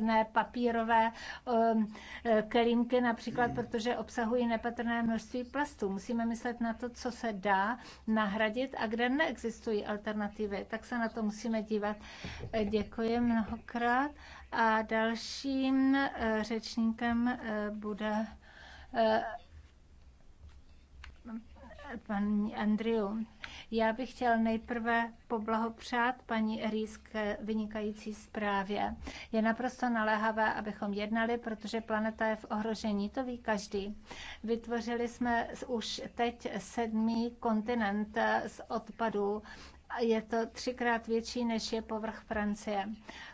ne papírové um, eh, kelímky například, protože obsahují nepatrné množství plastů. Musíme myslet na to, co se dá nahradit a kde neexistují alternativy. Tak se na to musíme dívat. Eh, děkuji mnohokrát. A dalším eh, řečníkem bude paní Andriu. Já bych chtěl nejprve poblahopřát paní Rýs k vynikající zprávě. Je naprosto naléhavé, abychom jednali, protože planeta je v ohrožení, to ví každý. Vytvořili jsme už teď sedmý kontinent z odpadů je to třikrát větší, než je povrch Francie.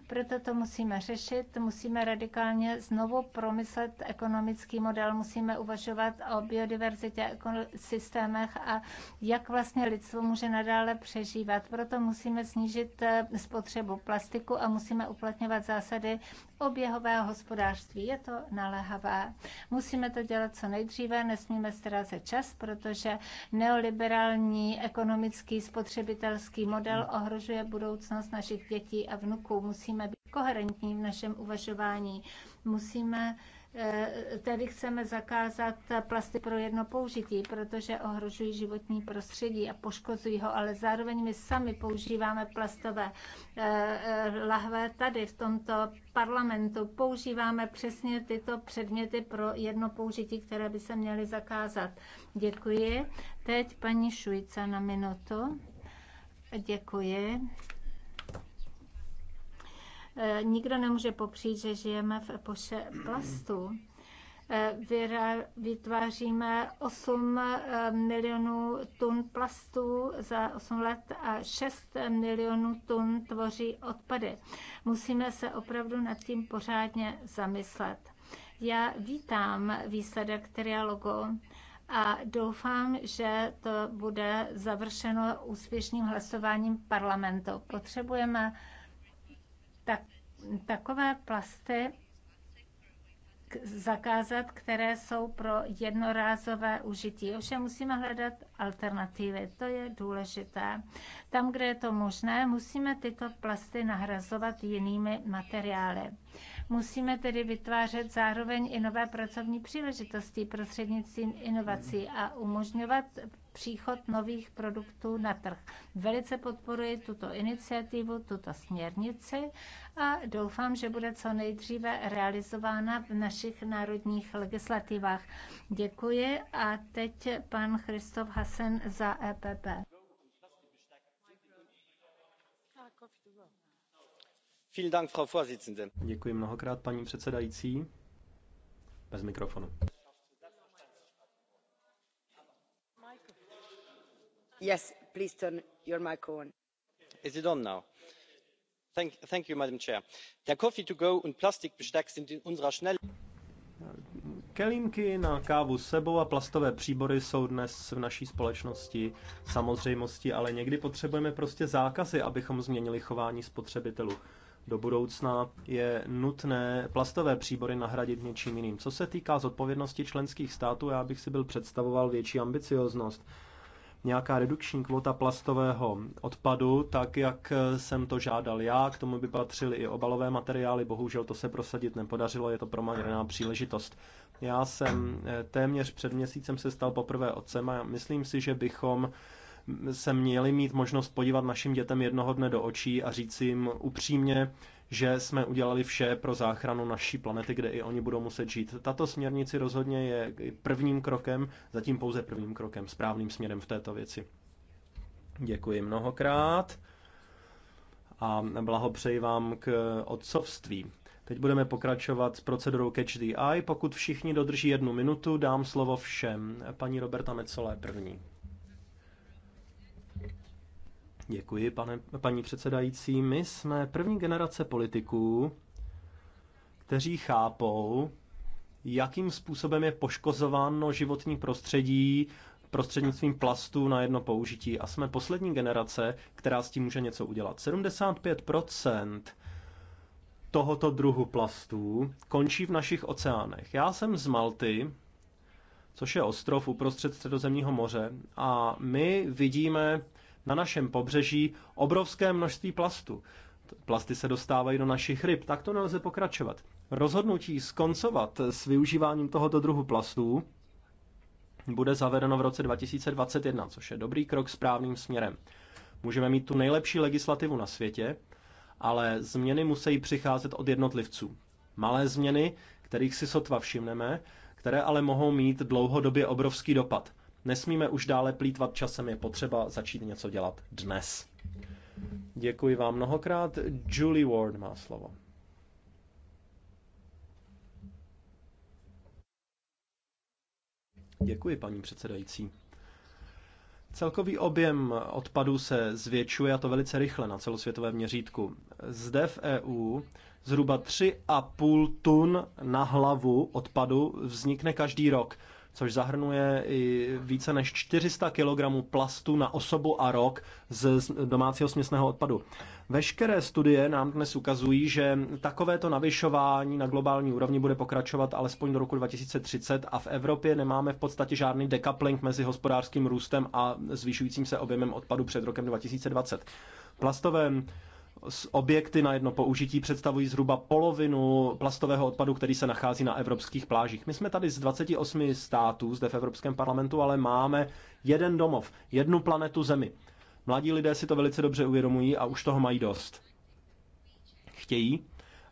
Proto to musíme řešit, musíme radikálně znovu promyslet ekonomický model, musíme uvažovat o biodiverzitě, systémech a jak vlastně lidstvo může nadále přežívat. Proto musíme snížit eh, spotřebu plastiku a musíme uplatňovat zásady oběhového hospodářství. Je to naléhavé. Musíme to dělat co nejdříve, nesmíme ztrácet čas, protože neoliberální ekonomický spotřebitelský model ohrožuje budoucnost našich dětí a vnuků. Musíme musíme být koherentní v našem uvažování. Musíme eh, tedy chceme zakázat plasty pro jedno použití, protože ohrožují životní prostředí a poškozují ho, ale zároveň my sami používáme plastové eh, eh, lahve tady v tomto parlamentu. Používáme přesně tyto předměty pro jedno použití, které by se měly zakázat. Děkuji. Teď paní Šujca na minutu. Děkuji. Eh, nikdo nemůže popřít, že žijeme v epoše plastu eh, vytváříme 8 eh, milionů tun plastů za 8 let a 6 milionů tun tvoří odpady. Musíme se opravdu nad tím pořádně zamyslet. Já vítám výsledek trialogu a doufám, že to bude završeno úspěšným hlasováním parlamentu. Potřebujeme takové plasty zakázat, které jsou pro jednorázové užití. Ovšem musíme hledat alternativy, to je důležité. Tam, kde je to možné, musíme tyto plasty nahrazovat jinými materiály. Musíme tedy vytvářet zároveň i nové pracovní příležitosti prostřednictvím inovací a umožňovat příchod nových produktů na trh. Velice podporuji tuto iniciativu, tuto směrnici a doufám, že bude co nejdříve realizována v našich národních legislativách. Děkuji a teď pan Christoph Hasen za EPP. Děkuji mnohokrát, paní předsedající. Bez mikrofonu. der coffee to go und plastikbesteck sind in unserer kelímky na kávu s sebou a plastové příbory jsou dnes v naší společnosti samozřejmostí, ale někdy potřebujeme prostě zákazy, abychom změnili chování spotřebitelů do budoucna je nutné plastové příbory nahradit něčím jiným. Co se týká zodpovědnosti členských států, já bych si byl představoval větší ambicioznost nějaká redukční kvota plastového odpadu, tak jak jsem to žádal já, k tomu by patřily i obalové materiály, bohužel to se prosadit nepodařilo, je to promarněná příležitost. Já jsem eh, téměř před měsícem se stal poprvé otcem a myslím si, že bychom se měli mít možnost podívat našim dětem jednoho dne do očí a říct jim upřímně, že jsme udělali vše pro záchranu naší planety, kde i oni budou muset žít. Tato směrnici rozhodně je prvním krokem, zatím pouze prvním krokem, správným směrem v této věci. Děkuji mnohokrát a blahopřeji vám k otcovství. Teď budeme pokračovat s procedurou Catch the Eye. Pokud všichni dodrží jednu minutu, dám slovo všem. Paní Roberta Mecolé první. Děkuji, pane, paní předsedající. My jsme první generace politiků, kteří chápou, jakým způsobem je poškozováno životní prostředí prostřednictvím plastů na jedno použití. A jsme poslední generace, která s tím může něco udělat. 75% tohoto druhu plastů končí v našich oceánech. Já jsem z Malty, což je ostrov uprostřed Středozemního moře, a my vidíme na našem pobřeží obrovské množství plastu. Plasty se dostávají do našich ryb, tak to nelze pokračovat. Rozhodnutí skoncovat s využíváním tohoto druhu plastů bude zavedeno v roce 2021, což je dobrý krok správným směrem. Můžeme mít tu nejlepší legislativu na světě, ale změny musí přicházet od jednotlivců. Malé změny, kterých si sotva všimneme, které ale mohou mít dlouhodobě obrovský dopad. Nesmíme už dále plítvat časem, je potřeba začít něco dělat dnes. Děkuji vám mnohokrát. Julie Ward má slovo. Děkuji, paní předsedající. Celkový objem odpadů se zvětšuje a to velice rychle na celosvětovém měřítku. Zde v EU zhruba 3,5 tun na hlavu odpadu vznikne každý rok což zahrnuje i více než 400 kg plastu na osobu a rok z domácího směsného odpadu. Veškeré studie nám dnes ukazují, že takovéto navyšování na globální úrovni bude pokračovat alespoň do roku 2030 a v Evropě nemáme v podstatě žádný decoupling mezi hospodářským růstem a zvyšujícím se objemem odpadu před rokem 2020. Plastové objekty na jedno použití představují zhruba polovinu plastového odpadu, který se nachází na evropských plážích. My jsme tady z 28 států zde v Evropském parlamentu, ale máme jeden domov, jednu planetu Zemi. Mladí lidé si to velice dobře uvědomují a už toho mají dost. Chtějí,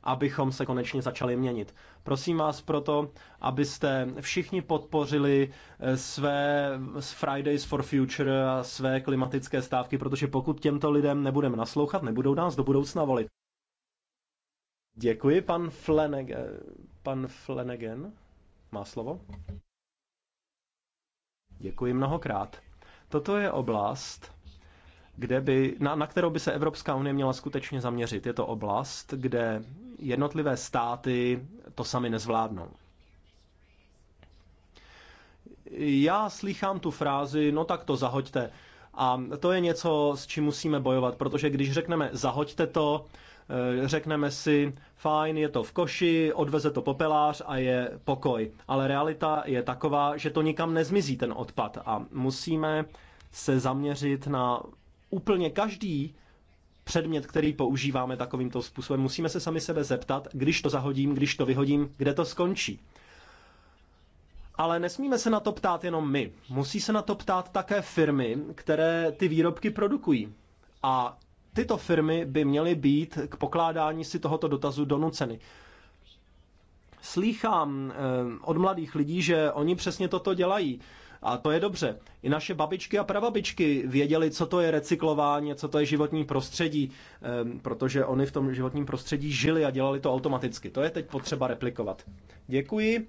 abychom se konečně začali měnit. Prosím vás proto, abyste všichni podpořili eh, své Fridays for Future a své klimatické stávky, protože pokud těmto lidem nebudeme naslouchat, nebudou nás do budoucna volit. Děkuji, pan Flanagan. Pan Flanagan má slovo. Děkuji mnohokrát. Toto je oblast, kde by, na, na kterou by se Evropská unie měla skutečně zaměřit. Je to oblast, kde jednotlivé státy to sami nezvládnou. Já slychám tu frázi, no tak to zahoďte. A to je něco, s čím musíme bojovat, protože když řekneme zahoďte to, eh, řekneme si, fajn, je to v koši, odveze to popelář a je pokoj. Ale realita je taková, že to nikam nezmizí ten odpad a musíme se zaměřit na úplně každý předmět, který používáme takovýmto způsobem. Musíme se sami sebe zeptat, když to zahodím, když to vyhodím, kde to skončí. Ale nesmíme se na to ptát jenom my. Musí se na to ptát také firmy, které ty výrobky produkují. A tyto firmy by měly být k pokládání si tohoto dotazu donuceny. Slýchám eh, od mladých lidí, že oni přesně toto dělají a to je dobře. I naše babičky a prababičky věděli, co to je recyklování, co to je životní prostředí, ehm, protože oni v tom životním prostředí žili a dělali to automaticky. To je teď potřeba replikovat. Děkuji.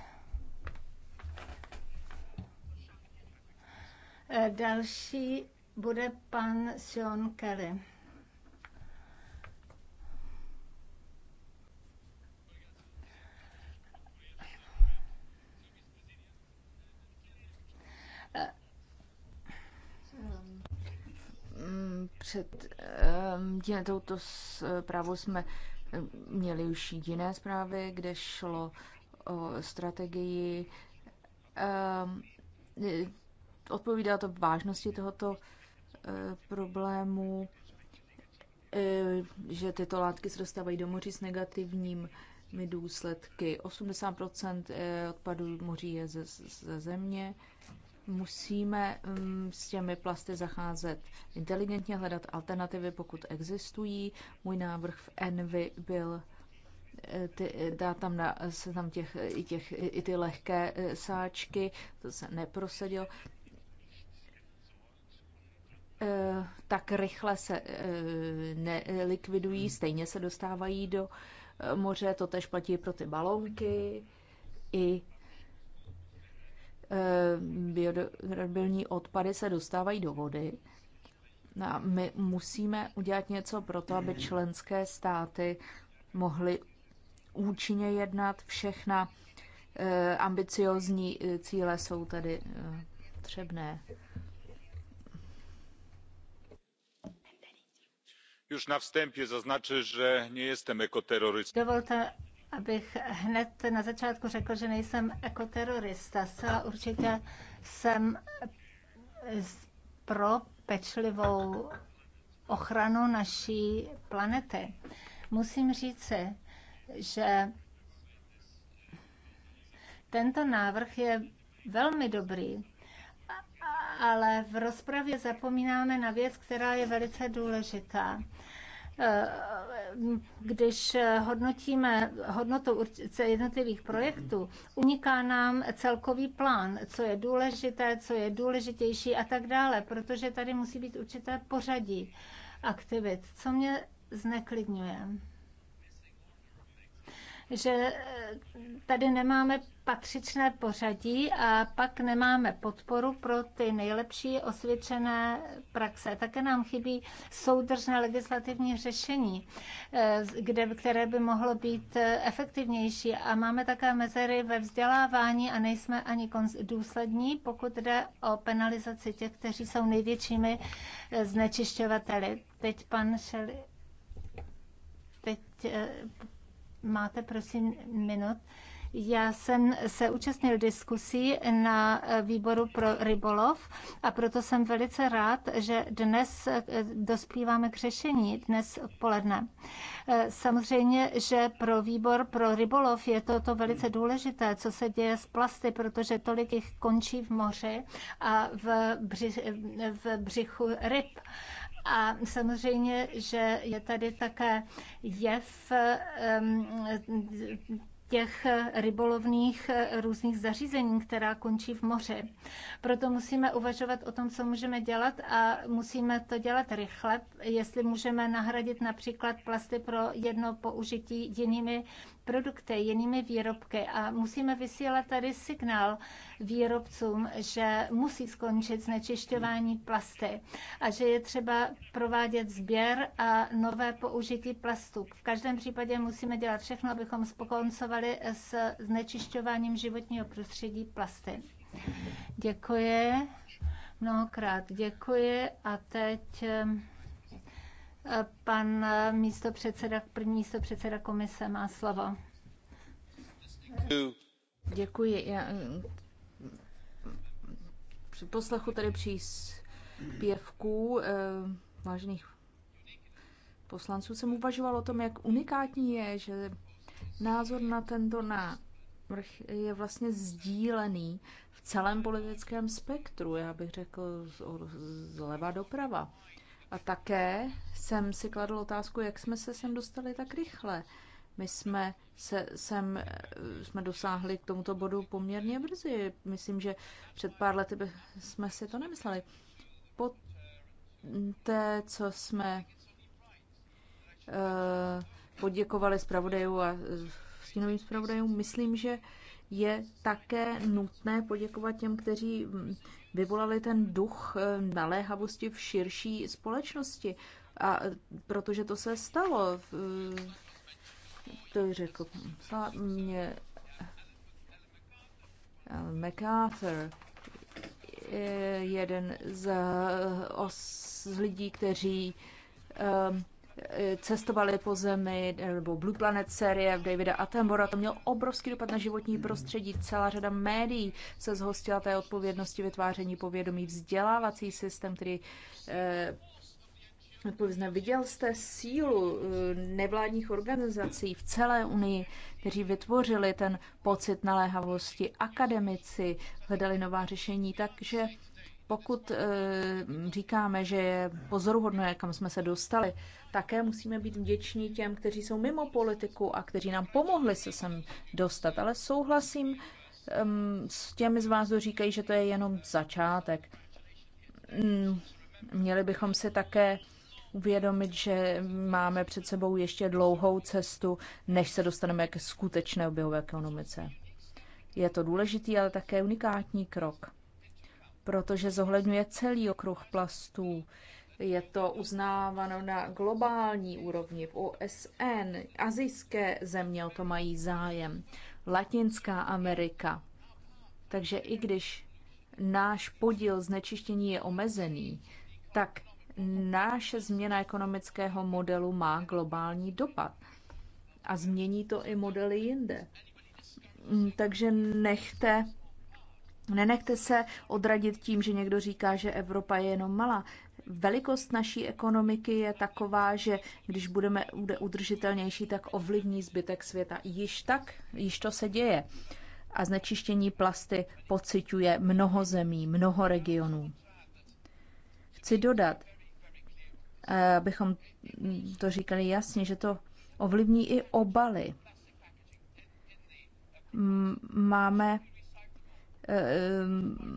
Eh, další bude pan Sean Kelly. Eh, mm, před um, touto zprávou jsme měli už jiné zprávy, kde šlo o strategii um, odpovídá to vážnosti tohoto eh, problému, eh, že tyto látky se dostávají do moří s negativními důsledky. 80 eh, odpadů moří je ze, ze země. Musíme mm, s těmi plasty zacházet inteligentně, hledat alternativy, pokud existují. Můj návrh v Envy byl ty, dá tam na, se tam těch, i, těch, i ty lehké sáčky, to se neprosadilo. Eh, tak rychle se eh, nelikvidují, stejně se dostávají do eh, moře, to tež platí pro ty balonky i biodegradabilní odpady se dostávají do vody. A my musíme udělat něco pro to, aby členské státy mohly účinně jednat. Všechna ambiciozní cíle jsou tedy třebné. Už na vstępie że že nejsem ekoterrorystą. Dovolte, abych hned na začátku řekl, že nejsem ekoterorista. Zcela určitě jsem pro pečlivou ochranu naší planety. Musím říci, že tento návrh je velmi dobrý, ale v rozpravě zapomínáme na věc, která je velice důležitá eh, když hodnotíme hodnotu jednotlivých projektů, uniká nám celkový plán, co je důležité, co je důležitější a tak dále, protože tady musí být určité pořadí aktivit, co mě zneklidňuje že eh, tady nemáme patřičné pořadí a pak nemáme podporu pro ty nejlepší osvědčené praxe. Také nám chybí soudržné legislativní řešení, eh, kde, které by mohlo být eh, efektivnější. A máme také mezery ve vzdělávání a nejsme ani důslední, pokud jde o penalizaci těch, kteří jsou největšími znečišťovateli. Teď pan Šeli teď máte prosím minut. Já jsem se účastnil diskusí na výboru pro rybolov a proto jsem velice rád, že dnes eh, dospíváme k řešení dnes odpoledne. Eh, samozřejmě, že pro výbor pro rybolov je toto velice důležité, co se děje s plasty, protože tolik jich končí v moři a v, bři, v břichu ryb. A samozřejmě, že je tady také jev těch rybolovných různých zařízení, která končí v moři. Proto musíme uvažovat o tom, co můžeme dělat a musíme to dělat rychle, jestli můžeme nahradit například plasty pro jedno použití jinými produkty, jinými výrobky a musíme vysílat tady signál výrobcům, že musí skončit znečišťování plasty a že je třeba provádět sběr a nové použití plastu. V každém případě musíme dělat všechno, abychom spokoncovali s znečišťováním životního prostředí plasty. Děkuji. Mnohokrát děkuji a teď Pan místo předseda, první místo předseda komise má slovo. Děkuji. Já, při poslechu tady příspěvků eh, vážných poslanců jsem uvažoval o tom, jak unikátní je, že názor na tento návrh je vlastně sdílený v celém politickém spektru, já bych řekl zleva doprava. Eh, a také jsem si kladl otázku, jak jsme se sem dostali tak rychle. My jsme se sem, eh, jsme dosáhli k tomuto bodu poměrně brzy. Myslím, že před pár lety jsme si to nemysleli. Po té, co jsme eh, poděkovali zpravodajům a stínovým zpravodajům, myslím, že je také nutné poděkovat těm, kteří mm, vyvolali ten duch eh, naléhavosti v širší společnosti. A eh, protože to se stalo, eh, to řekl mě MacArthur, jeden z, os, z lidí, kteří um, cestovali po zemi, nebo Blue Planet série v Davida Attenbora, to mělo obrovský dopad na životní prostředí. Celá řada médií se zhostila té odpovědnosti vytváření povědomí, vzdělávací systém, který eh, Viděl jste sílu eh, nevládních organizací v celé Unii, kteří vytvořili ten pocit naléhavosti, akademici hledali nová řešení, takže pokud eh, říkáme, že je pozoruhodné, kam jsme se dostali, také musíme být vděční těm, kteří jsou mimo politiku a kteří nám pomohli se sem dostat. Ale souhlasím s těmi z vás, kdo říkají, že to je jenom začátek. Mm, měli bychom si také uvědomit, že máme před sebou ještě dlouhou cestu, než se dostaneme k skutečné oběhové ekonomice. Je to důležitý, ale také unikátní krok protože zohledňuje celý okruh plastů. Je to uznáváno na globální úrovni v OSN. Azijské země o to mají zájem. Latinská Amerika. Takže i když náš podíl znečištění je omezený, tak náše změna ekonomického modelu má globální dopad. A změní to i modely jinde. Mm, takže nechte Nenechte se odradit tím, že někdo říká, že Evropa je jenom malá. Velikost naší ekonomiky je taková, že když budeme udržitelnější, tak ovlivní zbytek světa. Již tak, již to se děje. A znečištění plasty pociťuje mnoho zemí, mnoho regionů. Chci dodat, eh, abychom to říkali jasně, že to ovlivní i obaly. Máme Eh,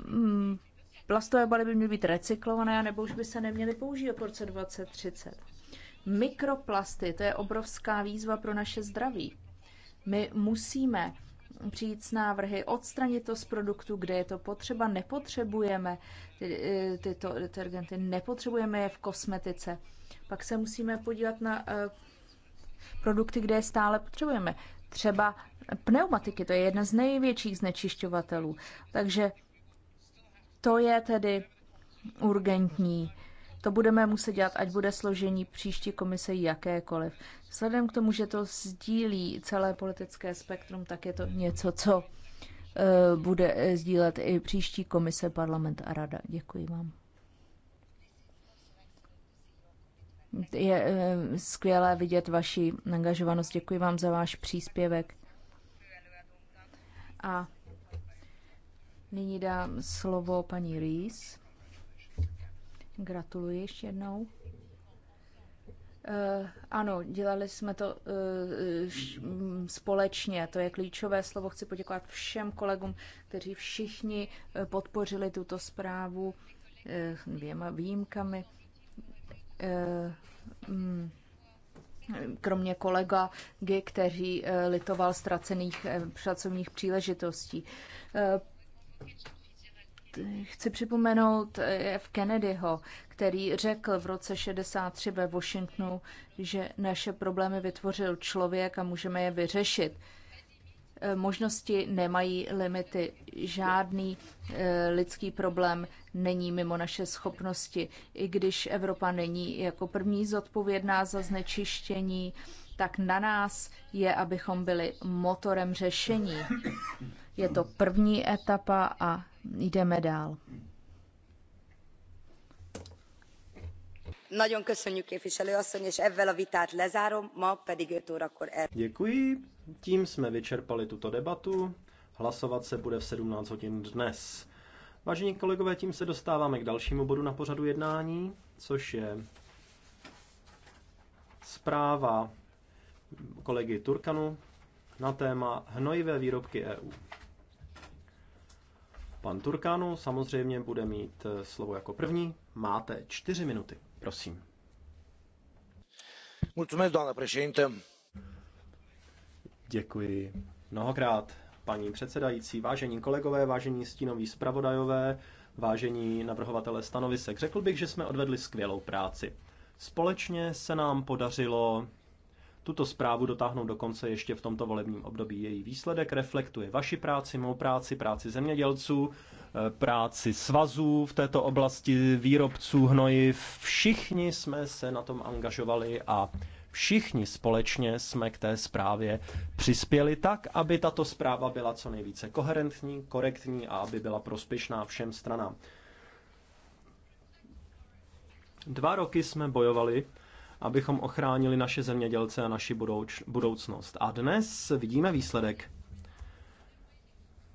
mm, plastové baly by měly být recyklované, nebo už by se neměly používat po roce 2030. Mikroplasty, to je obrovská výzva pro naše zdraví. My musíme přijít s návrhy, odstranit to z produktu, kde je to potřeba. Nepotřebujeme eh, tyto detergenty, nepotřebujeme je v kosmetice. Pak se musíme podívat na eh, produkty, kde je stále potřebujeme třeba pneumatiky, to je jedna z největších znečišťovatelů. Takže to je tedy urgentní. To budeme muset dělat, ať bude složení příští komise jakékoliv. Vzhledem k tomu, že to sdílí celé politické spektrum, tak je to něco, co eh, bude eh, sdílet i příští komise, parlament a rada. Děkuji vám. Je eh, skvělé vidět vaši angažovanost. Děkuji vám za váš příspěvek. A nyní dám slovo paní Rees. Gratuluji ještě jednou. Uh, ano, dělali jsme to uh, š, um, společně, to je klíčové slovo. Chci poděkovat všem kolegům, kteří všichni uh, podpořili tuto zprávu uh, dvěma výjimkami. Uh, Eh, mm, kromě kolega G, kteří eh, litoval ztracených eh, pracovních příležitostí. Chci připomenout F. Kennedyho, který řekl v roce 63 ve Washingtonu, že naše problémy vytvořil člověk a můžeme je vyřešit Eh, možnosti nemají limity. Žádný eh, lidský problém není mimo naše schopnosti. I když Evropa není jako první zodpovědná za znečištění, tak na nás je, abychom byli motorem řešení. Je to první etapa a jdeme dál. Nagyon köszönjük képviselő asszony, és ezzel a vitát lezárom, ma pedig 5 órakor el. Děkuji, tím jsme vyčerpali tuto debatu. Hlasovat se bude v 17 hodin dnes. Vážení kolegové, tím se dostáváme k dalšímu bodu na pořadu jednání, což je zpráva kolegy Turkanu na téma hnojivé výrobky EU. Pan Turkanu samozřejmě bude mít slovo jako první. Máte čtyři minuty. Prosím. Mulțumesc, Děkuji mnohokrát, paní předsedající, vážení kolegové, vážení stínoví zpravodajové, vážení navrhovatele stanovisek. Řekl bych, že jsme odvedli skvělou práci. Společně se nám podařilo tuto zprávu dotáhnout do konce ještě v tomto volebním období. Její výsledek reflektuje vaši práci, mou práci, práci zemědělců, eh, práci svazů v této oblasti, výrobců hnoji. Všichni jsme se na tom angažovali a všichni společně jsme k té zprávě přispěli tak, aby tato zpráva byla co nejvíce koherentní, korektní a aby byla prospěšná všem stranám. Dva roky jsme bojovali abychom ochránili naše zemědělce a naši budoucnost. A dnes vidíme výsledek.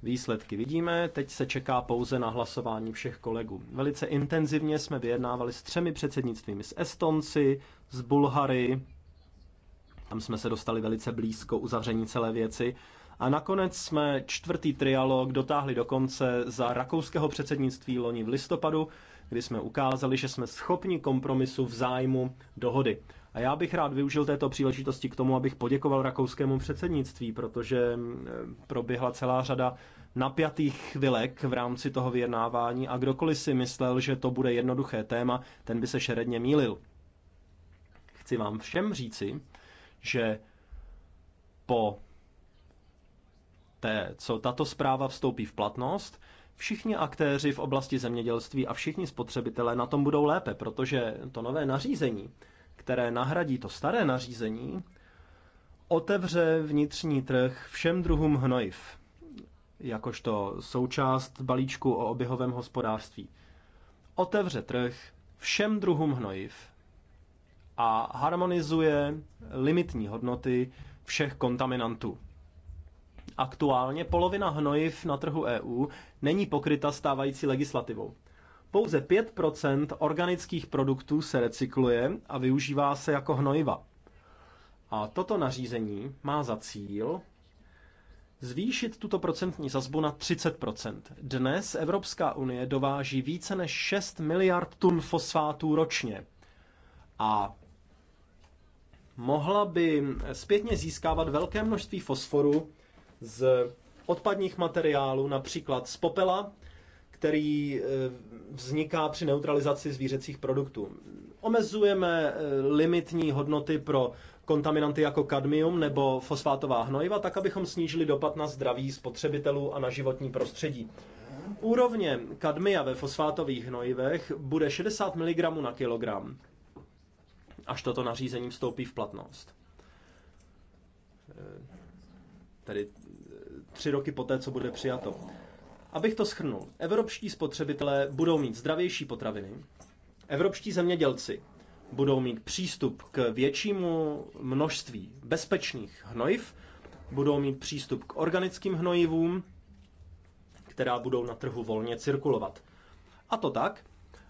Výsledky vidíme, teď se čeká pouze na hlasování všech kolegů. Velice intenzivně jsme vyjednávali s třemi předsednictvími, s Estonci, s Bulhary, tam jsme se dostali velice blízko uzavření celé věci. A nakonec jsme čtvrtý trialog dotáhli do konce za rakouského předsednictví loni v listopadu, kdy jsme ukázali, že jsme schopni kompromisu v zájmu dohody. A já bych rád využil této příležitosti k tomu, abych poděkoval rakouskému předsednictví, protože eh, proběhla celá řada napjatých chvilek v rámci toho vyjednávání a kdokoliv si myslel, že to bude jednoduché téma, ten by se šeredně mýlil. Chci vám všem říci, že po té, co tato zpráva vstoupí v platnost, Všichni aktéři v oblasti zemědělství a všichni spotřebitelé na tom budou lépe, protože to nové nařízení, které nahradí to staré nařízení, otevře vnitřní trh všem druhům hnojiv, jakožto součást balíčku o oběhovém hospodářství. Otevře trh všem druhům hnojiv a harmonizuje limitní hodnoty všech kontaminantů. Aktuálně polovina hnojiv na trhu EU není pokryta stávající legislativou. Pouze 5 organických produktů se recykluje a využívá se jako hnojiva. A toto nařízení má za cíl zvýšit tuto procentní sazbu na 30 Dnes Evropská unie dováží více než 6 miliard tun fosfátů ročně. A mohla by zpětně získávat velké množství fosforu z odpadních materiálů, například z popela, který eh, vzniká při neutralizaci zvířecích produktů. Omezujeme eh, limitní hodnoty pro kontaminanty jako kadmium nebo fosfátová hnojiva, tak abychom snížili dopad na zdraví spotřebitelů a na životní prostředí. Úrovně kadmia ve fosfátových hnojivech bude 60 mg na kilogram, až toto nařízení vstoupí v platnost. Eh, tedy tři roky poté, co bude přijato. Abych to schrnul, evropští spotřebitelé budou mít zdravější potraviny, evropští zemědělci budou mít přístup k většímu množství bezpečných hnojiv, budou mít přístup k organickým hnojivům, která budou na trhu volně cirkulovat. A to tak,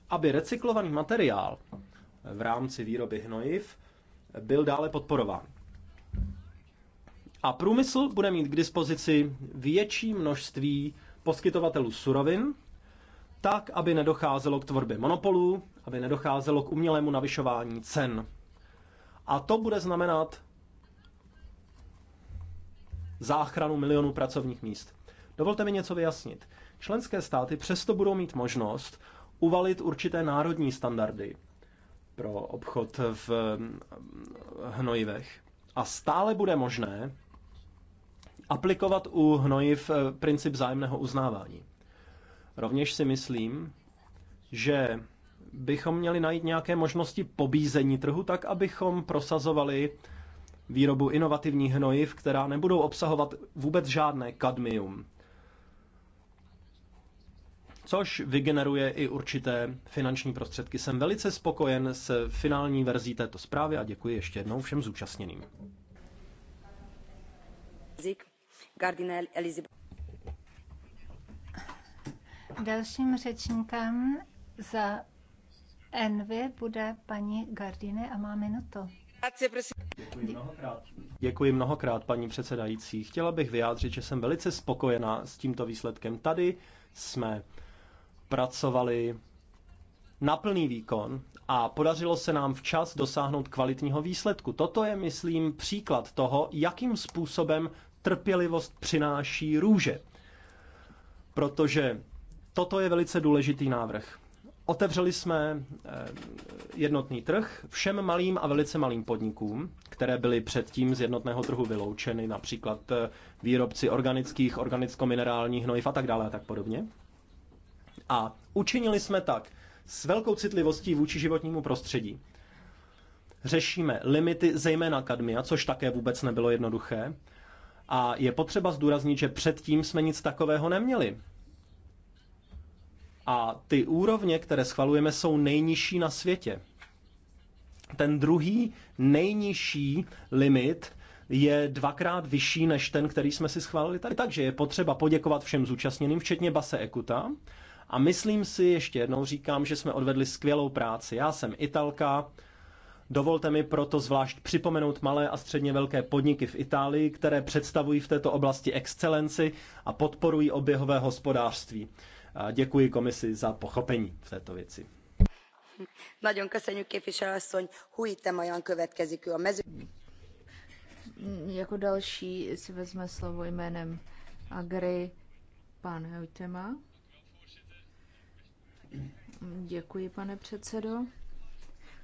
aby recyklovaný materiál v rámci výroby hnojiv byl dále podporován. A průmysl bude mít k dispozici větší množství poskytovatelů surovin, tak, aby nedocházelo k tvorbě monopolů, aby nedocházelo k umělému navyšování cen. A to bude znamenat záchranu milionů pracovních míst. Dovolte mi něco vyjasnit. Členské státy přesto budou mít možnost uvalit určité národní standardy pro obchod v hnojivech. A stále bude možné aplikovat u hnojiv eh, princip zájemného uznávání. Rovněž si myslím, že bychom měli najít nějaké možnosti pobízení trhu tak, abychom prosazovali výrobu inovativních hnojiv, která nebudou obsahovat vůbec žádné kadmium. Což vygeneruje i určité finanční prostředky. Jsem velice spokojen s finální verzí této zprávy a děkuji ještě jednou všem zúčastněným. Dalším řečníkem za Envy bude paní Gardine a má minutu. Děkuji mnohokrát. Děkuji mnohokrát, paní předsedající. Chtěla bych vyjádřit, že jsem velice spokojená s tímto výsledkem. Tady jsme pracovali na plný výkon a podařilo se nám včas dosáhnout kvalitního výsledku. Toto je, myslím, příklad toho, jakým způsobem trpělivost přináší růže. Protože toto je velice důležitý návrh. Otevřeli jsme eh, jednotný trh všem malým a velice malým podnikům, které byly předtím z jednotného trhu vyloučeny, například eh, výrobci organických, organicko-minerálních hnojiv a tak dále a tak podobně. A učinili jsme tak s velkou citlivostí vůči životnímu prostředí. Řešíme limity zejména kadmia, což také vůbec nebylo jednoduché, a je potřeba zdůraznit, že předtím jsme nic takového neměli. A ty úrovně, které schvalujeme, jsou nejnižší na světě. Ten druhý nejnižší limit je dvakrát vyšší než ten, který jsme si schválili tady. Takže je potřeba poděkovat všem zúčastněným, včetně Base Ekuta. A myslím si, ještě jednou říkám, že jsme odvedli skvělou práci. Já jsem Italka, Dovolte mi proto zvlášť připomenout malé a středně velké podniky v Itálii, které představují v této oblasti excelenci a podporují oběhové hospodářství. Děkuji komisi za pochopení v této věci. a Jako další si vezme slovo jménem Agri pan Heutema. Děkuji, pane předsedo.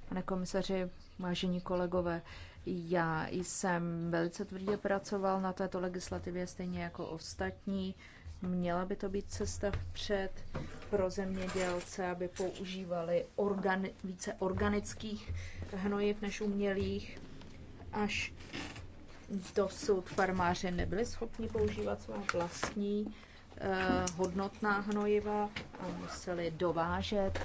Pane komisaři, vážení kolegové, já jsem velice tvrdě pracoval na této legislativě, stejně jako ostatní. Měla by to být cesta vpřed pro zemědělce, aby používali organi- více organických hnojiv než umělých, až dosud farmáři nebyli schopni používat svá vlastní eh, hodnotná hnojiva a museli dovážet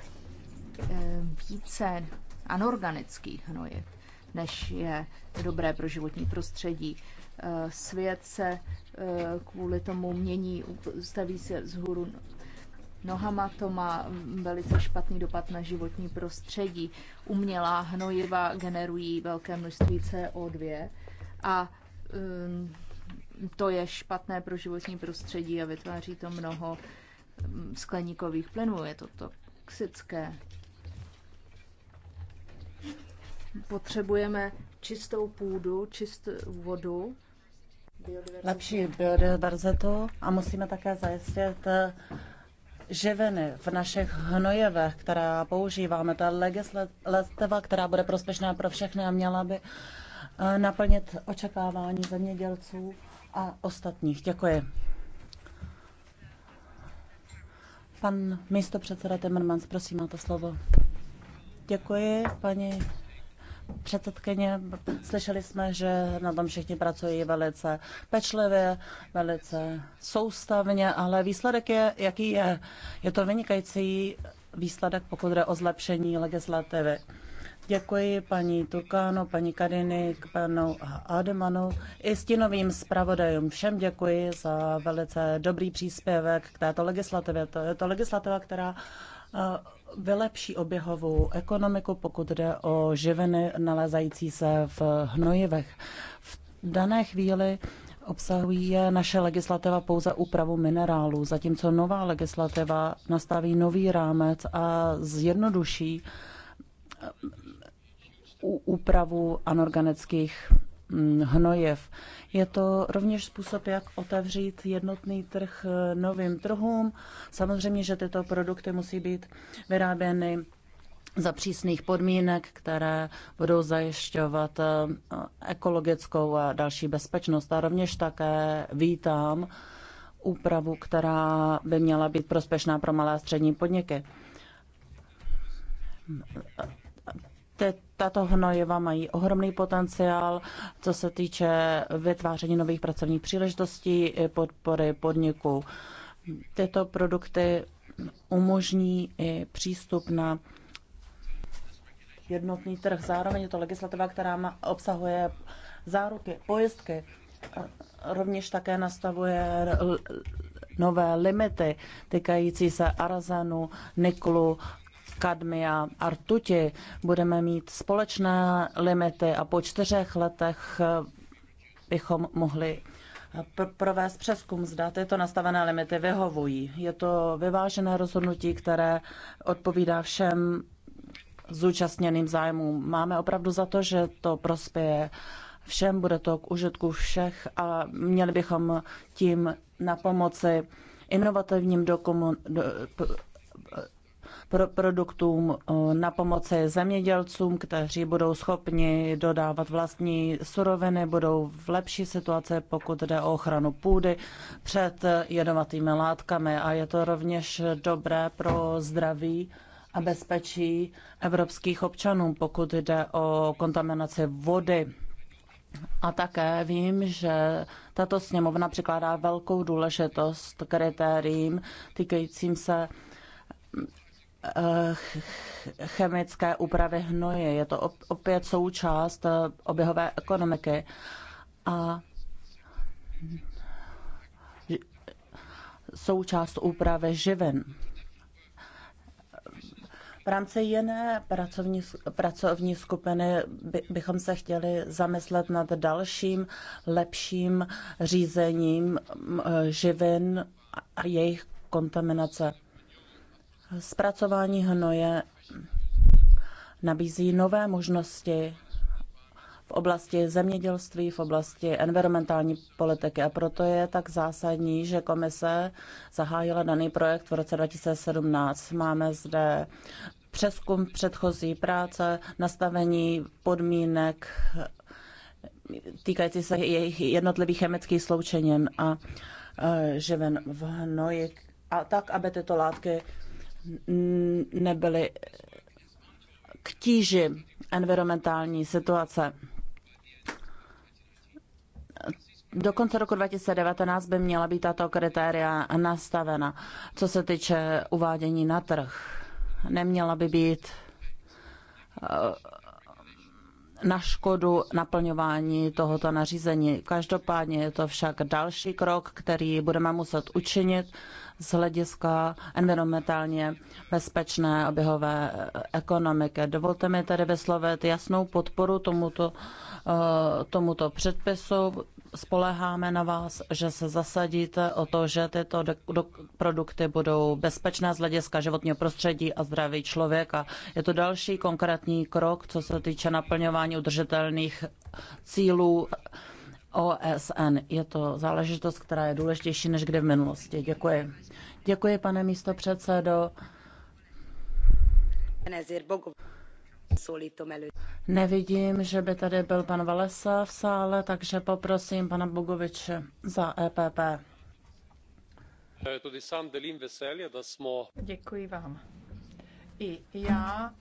eh, více anorganických hnojiv, než je dobré pro životní prostředí. Eh, svět se eh, kvůli tomu mění, staví se vzhůru nohama, to má velice špatný dopad na životní prostředí. Umělá hnojiva generují velké množství CO2 a eh, to je špatné pro životní prostředí a vytváří to mnoho hm, skleníkových plynů. Je to toxické. Potřebujeme čistou půdu, čistou vodu, lepší biodiverzitu a musíme také zajistit eh, živiny v našich hnojevech, která používáme. Ta legislativa, která bude prospěšná pro všechny a měla by eh, naplnit očekávání zemědělců a ostatních. Děkuji. Pan místo předseda Timmermans, prosím, máte slovo. Děkuji, paní předsedkyně. Slyšeli jsme, že na tom všichni pracují velice pečlivě, velice soustavně, ale výsledek je, jaký je. Je to vynikající výsledek, pokud jde o zlepšení legislativy. Děkuji paní Turkáno, paní Kadiny, k panu Ademanu i stinovým zpravodajům. Všem děkuji za velice dobrý příspěvek k této legislativě. To je to legislativa, která eh, vylepší oběhovou ekonomiku, pokud jde o živiny nalezající se v hnojivech. V dané chvíli obsahují naše legislativa pouze úpravu minerálů, zatímco nová legislativa nastaví nový rámec a zjednoduší úpravu anorganických Mm, hnojev. Je to rovněž způsob, jak otevřít jednotný trh eh, novým trhům. Samozřejmě, že tyto produkty musí být vyráběny za přísných podmínek, které budou zajišťovat eh, ekologickou a další bezpečnost. A rovněž také vítám úpravu, která by měla být prospešná pro malé a střední podniky. Ty, tato hnojiva mají ohromný potenciál, co se týče vytváření nových pracovních příležitostí i podpory podniků. Tyto produkty umožní i přístup na jednotný trh. Zároveň je to legislativa, která má, obsahuje záruky, pojistky. Rovněž také nastavuje nové limity týkající se arazanu, niklu, kadmia a rtuti. Budeme mít společné limity a po čtyřech letech eh, bychom mohli eh, provést přeskum, zda tyto nastavené limity vyhovují. Je to vyvážené rozhodnutí, které odpovídá všem zúčastněným zájmům. Máme opravdu za to, že to prospěje všem, bude to k užitku všech a měli bychom tím na pomoci inovativním dokumentům do, pro produktům, eh, na pomoci zemědělcům, kteří budou schopni dodávat vlastní suroviny, budou v lepší situaci, pokud jde o ochranu půdy před jedovatými látkami. A je to rovněž dobré pro zdraví a bezpečí evropských občanů, pokud jde o kontaminaci vody. A také vím, že tato sněmovna přikládá velkou důležitost kritériím týkajícím se Eh, chemické úpravy hnoje. Je to opět součást eh, oběhové ekonomiky. A součást úpravy živin. V rámci jiné pracovní, pracovní skupiny by, bychom se chtěli zamyslet nad dalším lepším řízením eh, živin a jejich kontaminace. Zpracování hnoje nabízí nové možnosti v oblasti zemědělství, v oblasti environmentální politiky a proto je tak zásadní, že komise zahájila daný projekt v roce 2017. Máme zde přeskum předchozí práce, nastavení podmínek týkající se jejich jednotlivých chemických sloučenin a e, živin v hnoji, a tak, aby tyto látky nebyly k tíži environmentální situace. Do konce roku 2019 by měla být tato kritéria nastavena, co se týče uvádění na trh. Neměla by být eh, na škodu naplňování tohoto nařízení. Každopádně je to však další krok, který budeme muset učinit z hlediska environmentálně bezpečné oběhové ekonomiky. Dovolte mi tedy vyslovit jasnou podporu tomuto, eh, tomuto předpisu. Spoleháme na vás, že se zasadíte o to, že tyto produkty budou bezpečné z hlediska životního prostředí a zdraví člověka. Je to další konkrétní krok, co se týče naplňování udržitelných cílů OSN. Je to záležitost, která je důležitější než kdy v minulosti. Děkuji. Děkuji, pane místo předsedo. Nevidím, že by tady byl pan Valesa v sále, takže poprosím pana Bogoviče za EPP. Děkuji vám. I já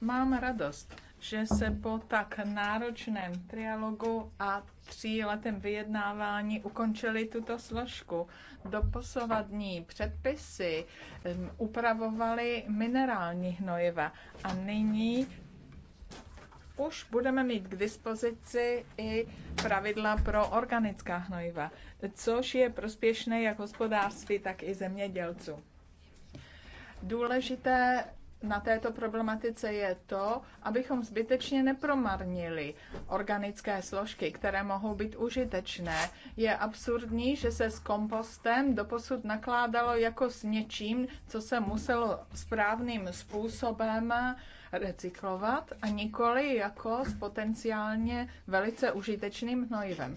mám radost, že se po tak náročném trialogu a tříletém vyjednávání ukončili tuto složku. Doposovadní předpisy upravovaly minerální hnojiva a nyní už budeme mít k dispozici i pravidla pro organická hnojiva, což je prospěšné jak hospodářství, tak i zemědělců. Důležité na této problematice je to, abychom zbytečně nepromarnili organické složky, které mohou být užitečné. Je absurdní, že se s kompostem doposud nakládalo jako s něčím, co se muselo správným způsobem recyklovat a nikoli jako s potenciálně velice užitečným hnojivem.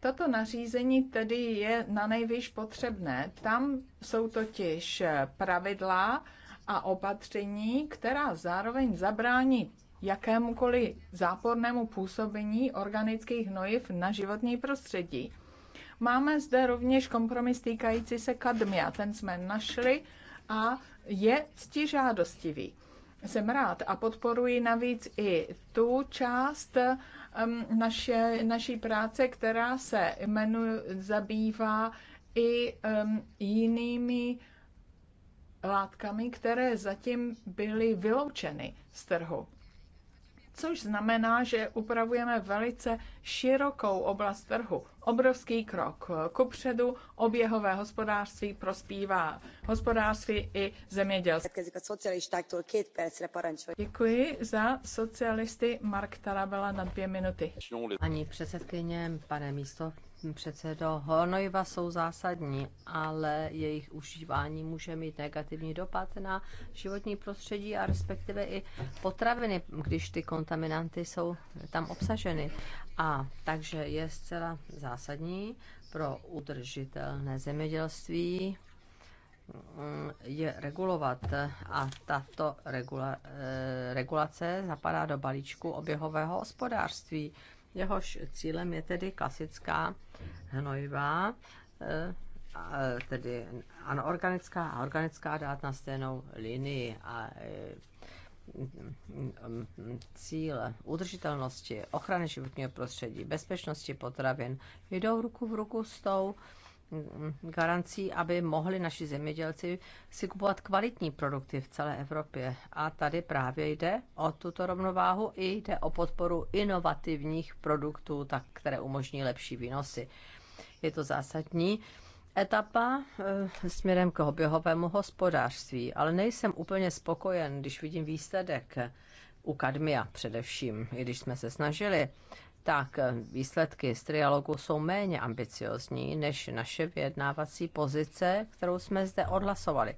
Toto nařízení tedy je na nejvýš potřebné. Tam jsou totiž pravidla, a opatření, která zároveň zabrání jakémukoliv zápornému působení organických hnojiv na životní prostředí. Máme zde rovněž kompromis týkající se kadmia, ten jsme našli a je ctižádostivý. Jsem rád a podporuji navíc i tu část um, naše, naší práce, která se jmenuje, zabývá i um, jinými látkami, které zatím byly vyloučeny z trhu. Což znamená, že upravujeme velice širokou oblast trhu. Obrovský krok kupředu oběhové hospodářství prospívá hospodářství i zemědělství. Děkuji za socialisty Mark Tarabela na dvě minuty. Paní předsedkyně, pane místo předsedo, hornojiva jsou zásadní, ale jejich užívání může mít negativní dopad na životní prostředí a respektive i potraviny, když ty kontaminanty jsou tam obsaženy. A takže je zcela zásadní pro udržitelné zemědělství mm, je regulovat a tato regula, eh, regulace zapadá do balíčku oběhového hospodářství Jehož cílem je tedy klasická hnojiva, eh, tedy anorganická a organická dát na stejnou linii a eh, cíl udržitelnosti, ochrany životního prostředí, bezpečnosti potravin jdou ruku v ruku s tou Mm, garancí, aby mohli naši zemědělci si kupovat kvalitní produkty v celé Evropě. A tady právě jde o tuto rovnováhu i jde o podporu inovativních produktů, tak, které umožní lepší výnosy. Je to zásadní etapa eh, směrem k oběhovému hospodářství, ale nejsem úplně spokojen, když vidím výsledek u kadmia především, i když jsme se snažili tak výsledky z trialogu jsou méně ambiciozní než naše vyjednávací pozice, kterou jsme zde odhlasovali.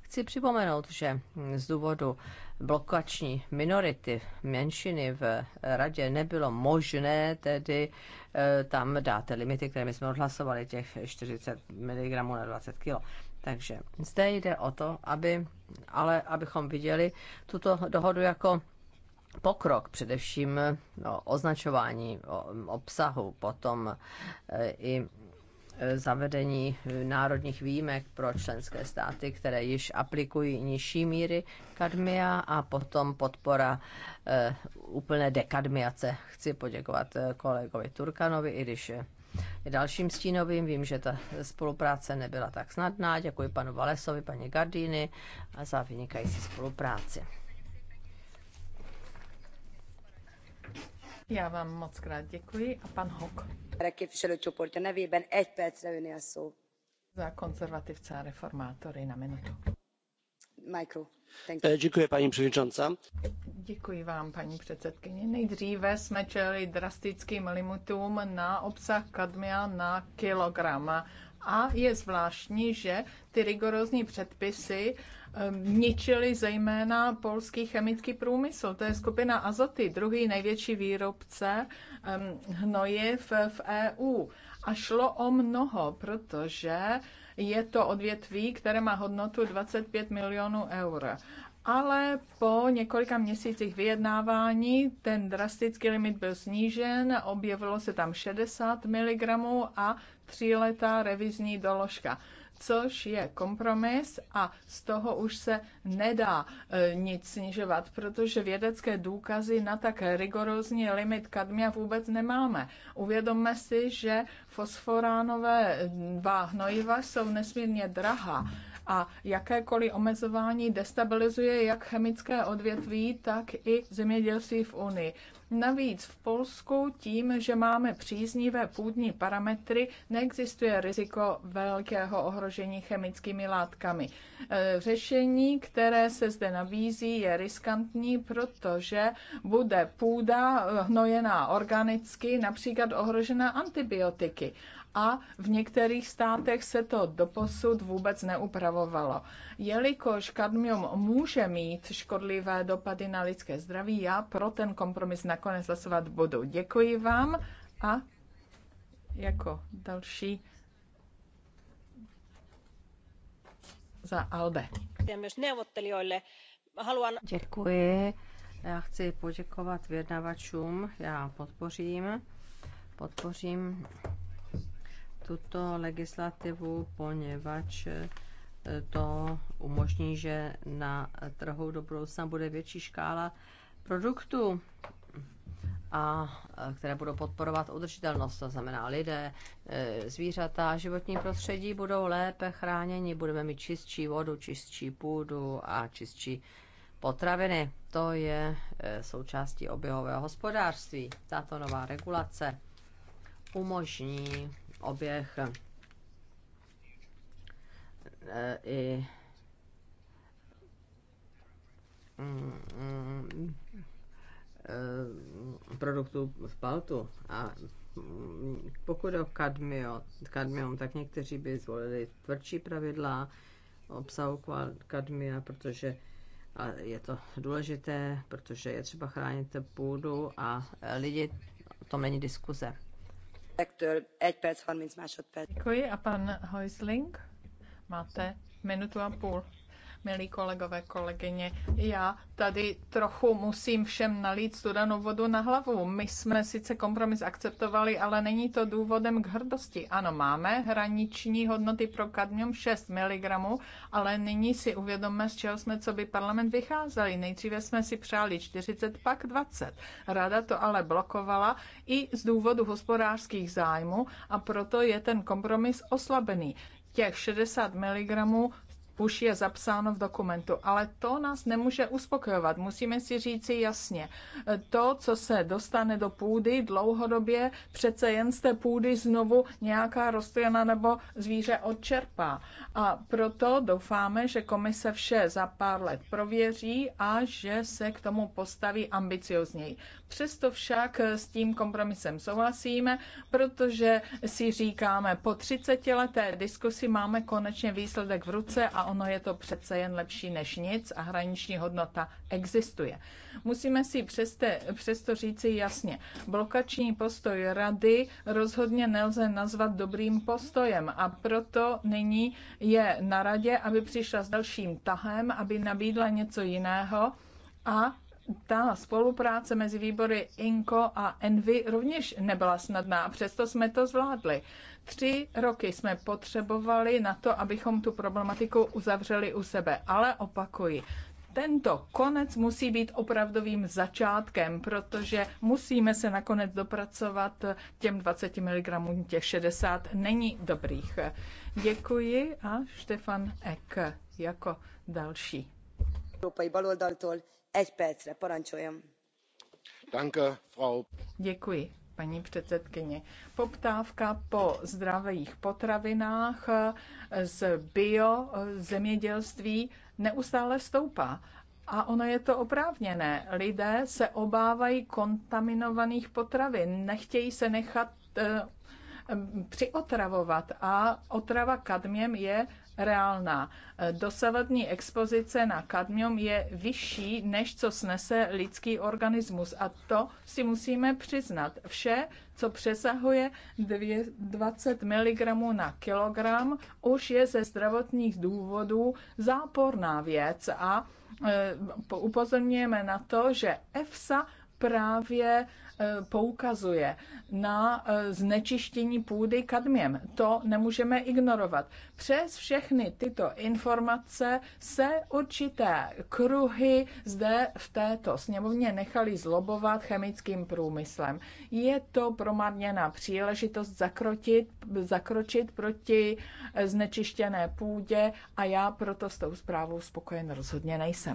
Chci připomenout, že z důvodu blokační minority menšiny v radě nebylo možné tedy eh, tam dát limity, které my jsme odhlasovali, těch 40 mg na 20 kg. Takže zde jde o to, aby, ale abychom viděli tuto dohodu jako pokrok, především eh, no, označování obsahu, potom eh, i eh, zavedení národních výjimek pro členské státy, které již aplikují nižší míry kadmia a potom podpora úplné dekadmiace. Chci poděkovat kolegovi Turkanovi, i když i dalším stínovým. Vím, že ta spolupráce nebyla tak snadná. Děkuji panu Valesovi, paní Gardini a za vynikající spolupráci. Já vám moc krát děkuji a pan Hok. Za konzervativce a reformátory na minutu. Michael, eh, Děkuji, paní předsedající. Děkuji vám, paní předsedkyně. Nejdříve jsme čelili drastickým limitům na obsah kadmia na kilogram. A je zvláštní, že ty rigorózní předpisy Ehm, ničili zejména polský chemický průmysl. To je skupina Azoty, druhý největší výrobce ehm, hnoje v EU. A šlo o mnoho, protože je to odvětví, které má hodnotu 25 milionů eur. Ale po několika měsících vyjednávání ten drastický limit byl snížen, objevilo se tam 60 mg a tříletá revizní doložka což je kompromis a z toho už se nedá e, nic snižovat, protože vědecké důkazy na tak rigorózní limit kadmia vůbec nemáme. Uvědomme si, že fosforánové e, hnojiva jsou nesmírně drahá a jakékoliv omezování destabilizuje jak chemické odvětví, tak i zemědělství v Unii. Navíc v Polsku tím, že máme příznivé půdní parametry, neexistuje riziko velkého ohrožení chemickými látkami. E, řešení, které se zde nabízí, je riskantní, protože bude půda hnojená organicky, například ohrožená antibiotiky a v některých státech se to doposud vůbec neupravovalo. Jelikož kadmium může mít škodlivé dopady na lidské zdraví, já pro ten kompromis nakonec hlasovat budu. Děkuji vám a jako další za Albe. Děkuji. Já chci poděkovat vědnavačům. já podpořím, podpořím tuto legislativu, poněvadž e, to umožní, že na trhu do budoucna bude větší škála produktů, a e, které budou podporovat udržitelnost, to znamená lidé, e, zvířata, životní prostředí budou lépe chráněni, budeme mít čistší vodu, čistší půdu a čistší potraviny. To je součástí oběhového hospodářství. Tato nová regulace umožní oběh e, i e, produktů v paltu. A pokud o kadmio, kadmium, tak někteří by zvolili tvrdší pravidla obsahu kadmia, protože a je to důležité, protože je třeba chránit půdu a lidi, o tom není diskuze. Děkuji a pan Heusling, máte minutu a půl milí kolegové, kolegyně. Já tady trochu musím všem nalít studenou vodu na hlavu. My jsme sice kompromis akceptovali, ale není to důvodem k hrdosti. Ano, máme hraniční hodnoty pro kadmium 6 mg, ale nyní si uvědomme, z čeho jsme, co by parlament vycházeli. Nejdříve jsme si přáli 40, pak 20. Rada to ale blokovala i z důvodu hospodářských zájmů a proto je ten kompromis oslabený těch 60 mg už je zapsáno v dokumentu, ale to nás nemůže uspokojovat. Musíme si říci jasně, to, co se dostane do půdy dlouhodobě, přece jen z té půdy znovu nějaká rostlina nebo zvíře odčerpá. A proto doufáme, že komise vše za pár let prověří a že se k tomu postaví ambiciozněji. Přesto však s tím kompromisem souhlasíme, protože si říkáme, po 30 leté diskusi máme konečně výsledek v ruce a ono je to přece jen lepší než nic a hraniční hodnota existuje. Musíme si přesto, přesto říci jasně, blokační postoj rady rozhodně nelze nazvat dobrým postojem a proto nyní je na radě, aby přišla s dalším tahem, aby nabídla něco jiného a ta spolupráce mezi výbory INCO a ENVY rovněž nebyla snadná, přesto jsme to zvládli. Tři roky jsme potřebovali na to, abychom tu problematiku uzavřeli u sebe, ale opakuji, tento konec musí být opravdovým začátkem, protože musíme se nakonec dopracovat těm 20 mg, těch 60 není dobrých. Děkuji a Štefan Ek jako další. Děkuji paní předsedkyně. Poptávka po zdravých potravinách z bio zemědělství neustále stoupá. A ono je to oprávněné. Lidé se obávají kontaminovaných potravin, nechtějí se nechat eh, přiotravovat a otrava kadmiem je reálná. Eh, dosavadní expozice na kadmium je vyšší, než co snese lidský organismus. A to si musíme přiznat. Vše, co přesahuje 20 mg na kilogram, už je ze zdravotních důvodů záporná věc. A eh, upozorňujeme na to, že EFSA právě Eh, poukazuje na eh, znečištění půdy kadmiem. To nemůžeme ignorovat. Přes všechny tyto informace se určité kruhy zde v této sněmovně nechali zlobovat chemickým průmyslem. Je to promarněná příležitost zakrotit, zakročit proti eh, znečištěné půdě a já proto s tou zprávou spokojen rozhodně nejsem.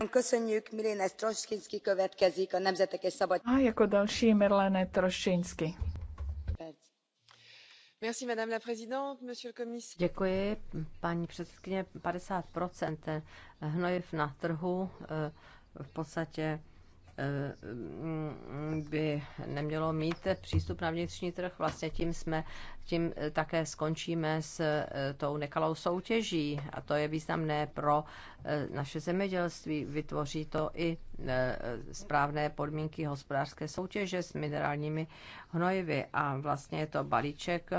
A jako další Mir Marlene Trošinsky. Děkuji, paní předsedkyně. 50 hnojiv na trhu eh, v podstatě by nemělo mít přístup na vnitřní trh. Vlastně tím jsme, tím také skončíme s eh, tou nekalou soutěží a to je významné pro eh, naše zemědělství. Vytvoří to i eh, správné podmínky hospodářské soutěže s minerálními hnojivy a vlastně je to balíček,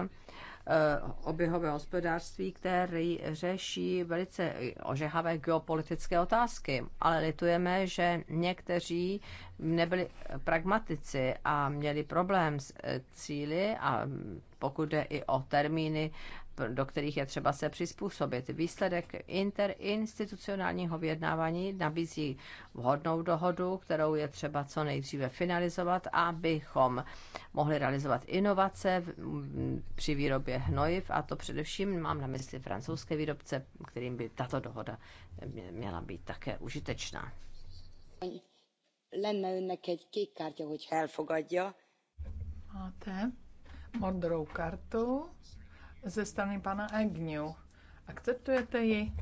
Eh, oběhové hospodářství, který řeší velice ožehavé geopolitické otázky. Ale litujeme, že někteří nebyli pragmatici a měli problém s eh, cíly a pokud jde i o termíny do kterých je třeba se přizpůsobit. Výsledek interinstitucionálního vyjednávání nabízí vhodnou dohodu, kterou je třeba co nejdříve finalizovat, abychom mohli realizovat inovace při výrobě hnojiv, a to především mám na mysli francouzské výrobce, kterým by tato dohoda měla být také užitečná. Máte modrou kartu ze strany pana Agnew. Akceptujete ji?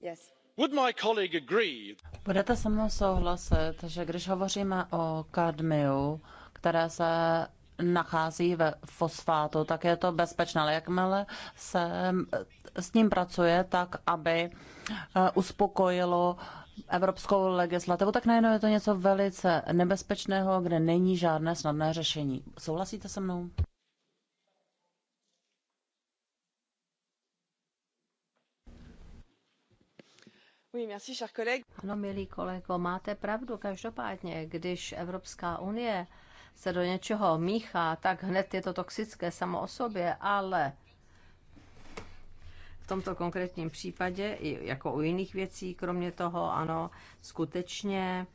Yes. Would my colleague agree? Budete se mnou souhlasit, že když hovoříme o kadmiu, které se nachází ve fosfátu, tak je to bezpečné. Ale jakmile se s ním pracuje, tak aby eh, uspokojilo uh, evropskou legislativu, tak najednou je to něco velice nebezpečného, kde není žádné snadné řešení. Souhlasíte se mnou? Ano, milý kolego, máte pravdu. Každopádně, když Evropská unie se do něčeho míchá, tak hned je to toxické samo o sobě, ale tomto konkrétním případě, i jako u jiných věcí, kromě toho, ano, skutečně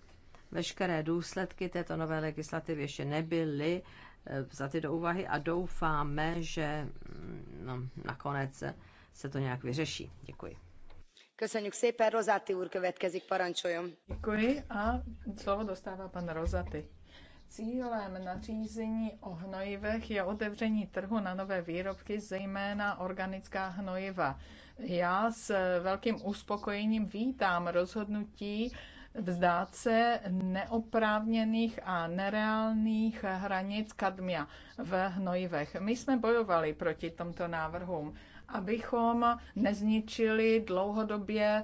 veškeré důsledky této nové legislativy ještě nebyly eh, vzaty do úvahy a doufáme, že mm, no, nakonec se to nějak vyřeší. Děkuji. Köszönjük szépen, Rozati úr következik, parancsoljon. Děkuji a slovo dostává pan Rozati. Cílem nařízení o hnojivech je otevření trhu na nové výrobky, zejména organická hnojiva. Já s velkým uspokojením vítám rozhodnutí vzdát se neoprávněných a nereálných hranic kadmia v hnojivech. My jsme bojovali proti tomto návrhům, abychom nezničili dlouhodobě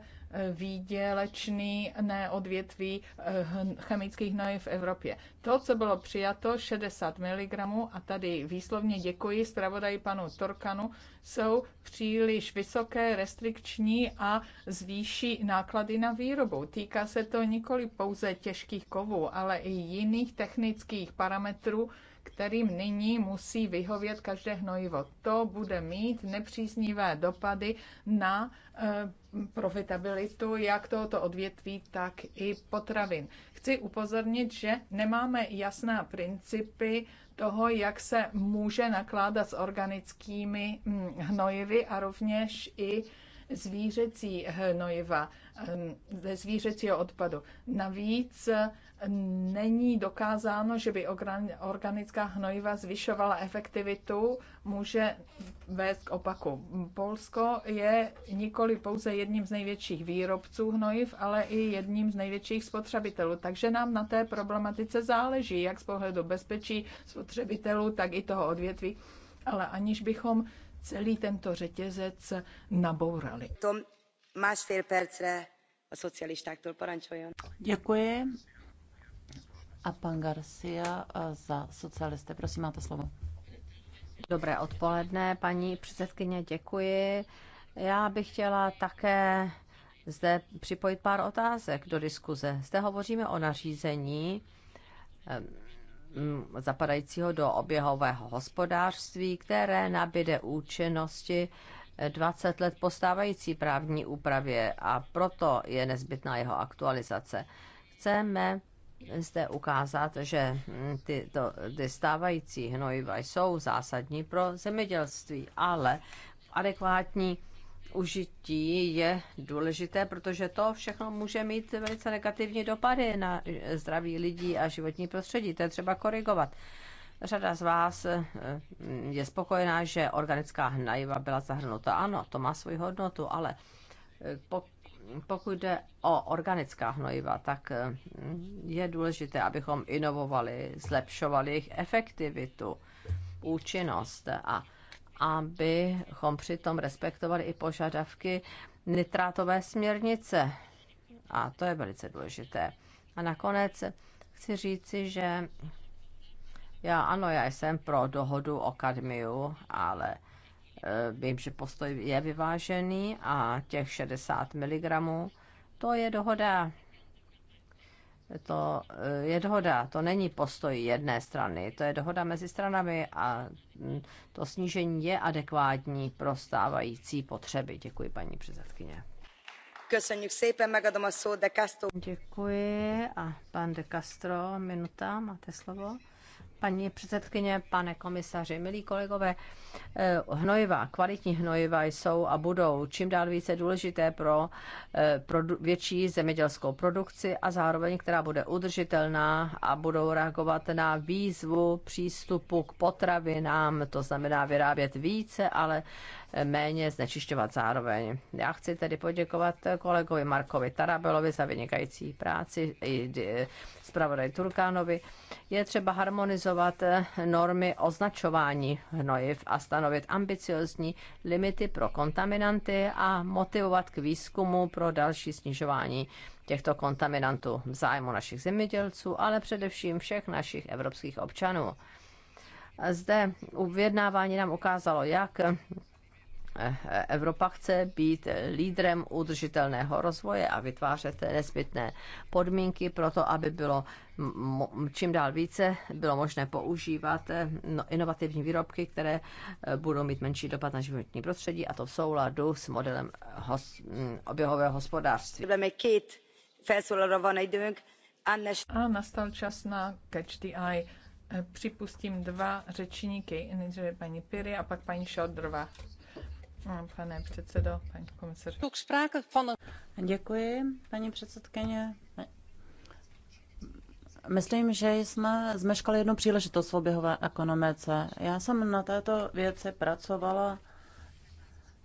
výdělečný neodvětví eh, hm, chemických hnojiv v Evropě. To, co bylo přijato, 60 mg, a tady výslovně děkuji zpravodaji panu Torkanu, jsou příliš vysoké, restrikční a zvýší náklady na výrobu. Týká se to nikoli pouze těžkých kovů, ale i jiných technických parametrů, kterým nyní musí vyhovět každé hnojivo. To bude mít nepříznivé dopady na eh, profitabilitu jak tohoto odvětví, tak i potravin. Chci upozornit, že nemáme jasná principy toho, jak se může nakládat s organickými hm, hnojivy a rovněž i zvířecí hnojiva. Ehm, ze zvířecího odpadu. Navíc ehm, není dokázáno, že by organická hnojiva zvyšovala efektivitu, může vést k opaku. Polsko je nikoli pouze jedním z největších výrobců hnojiv, ale i jedním z největších spotřebitelů. Takže nám na té problematice záleží, jak z pohledu bezpečí spotřebitelů, tak i toho odvětví. Ale aniž bychom celý tento řetězec nabourali. Děkuji. pan eh, za socialisty. Prosím, máte slovo. Dobré odpoledne, paní předsedkyně, děkuji. Já bych chtěla také zde připojit pár otázek do diskuze. Zde hovoříme o nařízení eh, mm, zapadajícího do oběhového hospodářství, které nabide účinnosti 20 let po stávající právní úpravě a proto je nezbytná jeho aktualizace. Chceme zde ukázat, že ty, to, ty stávající hnojiva jsou zásadní pro zemědělství, ale adekvátní užití je důležité, protože to všechno může mít velice negativní dopady na zdraví lidí a životní prostředí. To je třeba korigovat. Řada z vás eh, je spokojená, že organická hnojiva byla zahrnuta. Ano, to má svoji hodnotu, ale eh, pokud jde o organická hnojiva, tak eh, je důležité, abychom inovovali, zlepšovali jejich efektivitu, účinnost a abychom přitom respektovali i požadavky nitrátové směrnice. A to je velice důležité. A nakonec chci říci, že já ano, já jsem pro dohodu o kadmiu, ale e, vím, že postoj je vyvážený a těch 60 mg, to je dohoda. To e, je dohoda, to není postoj jedné strany, to je dohoda mezi stranami a to snížení je adekvátní pro stávající potřeby. Děkuji, paní předsedkyně. Děkuji a pan de Castro, minuta, máte slovo. Paní předsedkyně, pane komisaři, milí kolegové, eh, hnojiva, kvalitní hnojiva jsou a budou čím dál více důležité pro, eh, pro větší zemědělskou produkci a zároveň, která bude udržitelná a budou reagovat na výzvu přístupu k potravinám, to znamená vyrábět více, ale méně znečišťovat zároveň. Já chci tedy poděkovat kolegovi Markovi Tarabelovi za vynikající práci, i e, zpravodaj Turkánovi. Je třeba harmonizovat e, normy označování hnojiv a stanovit ambiciozní limity pro kontaminanty a motivovat k výzkumu pro další snižování těchto kontaminantů v zájmu našich zemědělců, ale především všech našich evropských občanů. Zde uvědnávání nám ukázalo, jak Evropa chce být lídrem udržitelného rozvoje a vytvářet nezbytné podmínky pro to, aby bylo čím dál více bylo možné používat no, inovativní výrobky, které eh, budou mít menší dopad na životní prostředí a to v souladu s modelem hos- hm, oběhového hospodářství. A nastal čas na Catch the Eye. Eh, připustím dva řečníky, nejdříve paní Piry a pak paní Šodrova. Pane paní komisař. Děkuji, Myslím, že jsme zmeškali jednu příležitost v oběhové ekonomice. Já jsem na této věci pracovala,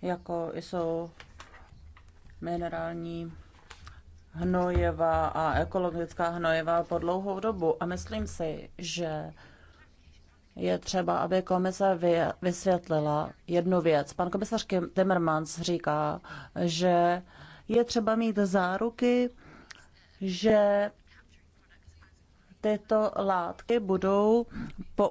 jako jsou minerální hnojiva a ekologická hnojiva po dlouhou dobu. A myslím si, že je třeba, aby komise vysvětlila jednu věc. Pan komisař Timmermans říká, že je třeba mít záruky, že tyto látky budou po,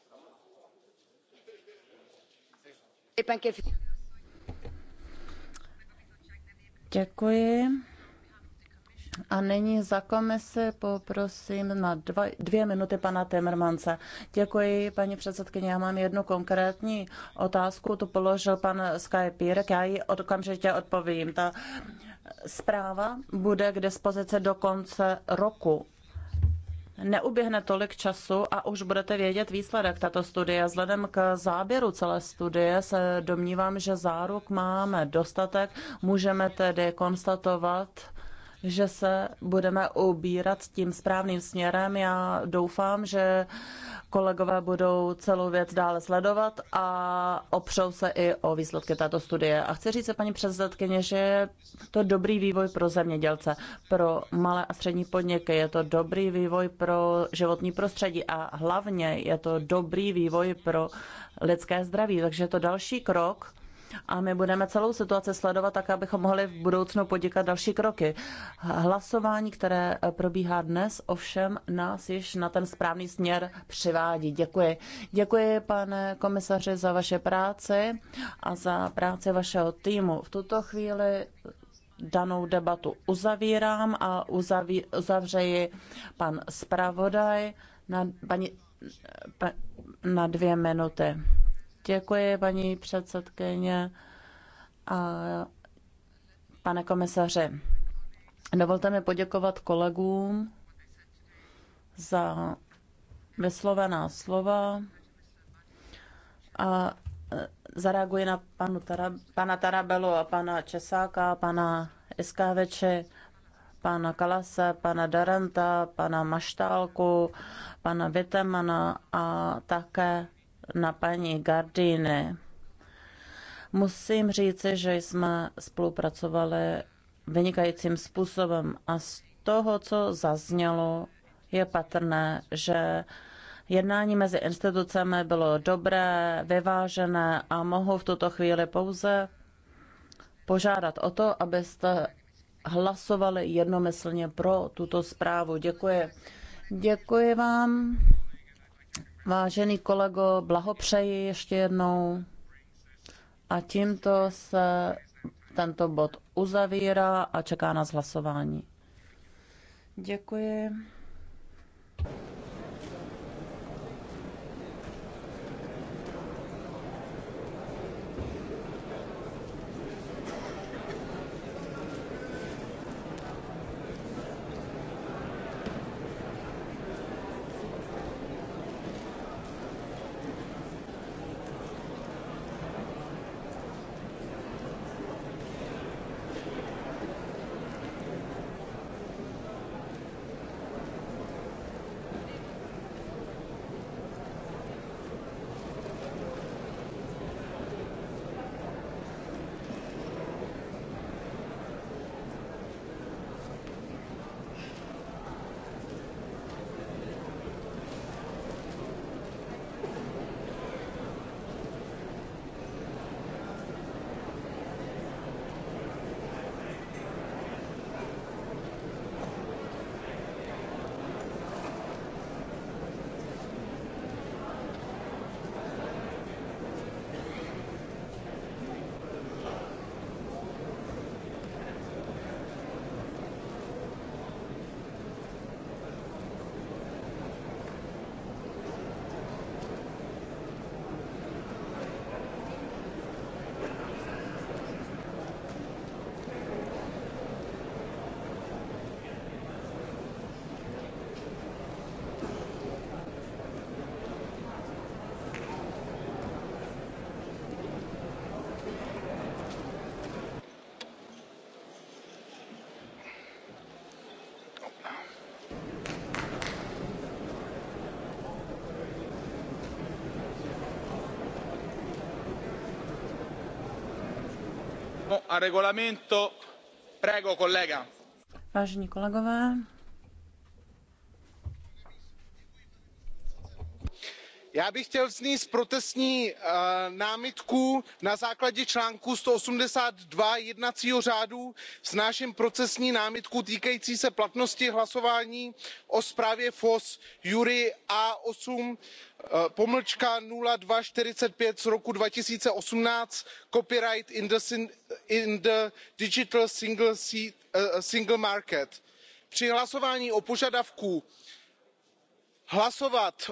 Děkuji. A nyní za komisi poprosím na dva, dvě minuty pana Timmermanse. Děkuji, paní předsedkyně. Já mám jednu konkrétní otázku. Tu položil pan Skypírek. Já ji okamžitě odpovím. Ta zpráva bude k dispozici do konce roku neuběhne tolik času a už budete vědět výsledek tato studie. Vzhledem k záběru celé studie se domnívám, že záruk máme dostatek. Můžeme tedy konstatovat, že se budeme ubírat tím správným směrem. Já doufám, že kolegové budou celou věc dále sledovat a opřou se i o výsledky této studie. A chci říct se paní předsedkyně, že je to dobrý vývoj pro zemědělce, pro malé a střední podniky, je to dobrý vývoj pro životní prostředí a hlavně je to dobrý vývoj pro lidské zdraví. Takže je to další krok, a my budeme celou situaci sledovat tak, abychom mohli v budoucnu podíkat další kroky. Hlasování, které probíhá dnes, ovšem nás již na ten správný směr přivádí. Děkuji. Děkuji, pane komisaři, za vaše práci a za práci vašeho týmu. V tuto chvíli danou debatu uzavírám a uzaví, uzavřeji pan zpravodaj na, paní, pa, na dvě minuty. Děkuji, paní předsedkyně a pane komisaři. Dovolte mi poděkovat kolegům za vyslovená slova a zareaguji na panu Tarab- pana Tarabelu a pana Česáka, pana Iskáveče, pana Kalase, pana Daranta, pana Maštálku, pana Vitemana a také na paní Gardine. Musím říct, že jsme spolupracovali vynikajícím způsobem a z toho, co zaznělo, je patrné, že jednání mezi institucemi bylo dobré, vyvážené a mohu v tuto chvíli pouze požádat o to, abyste hlasovali jednomyslně pro tuto zprávu. Děkuji. Děkuji vám. Vážený kolego, blahopřeji ještě jednou. A tímto se tento bod uzavírá a čeká nás hlasování. Děkuji. a regulamento, Prego, kolega. já bych chtěl vznést protestní eh, námitku na základě článku one hundred and eighty two jednacího řádu vznáším procesní námitku týkající se platnosti hlasování o zprávě voss juri a eight two forty five roku two thousand and eighteen copyright in the digital eh, single market. při hlasování o požadavku hlasovat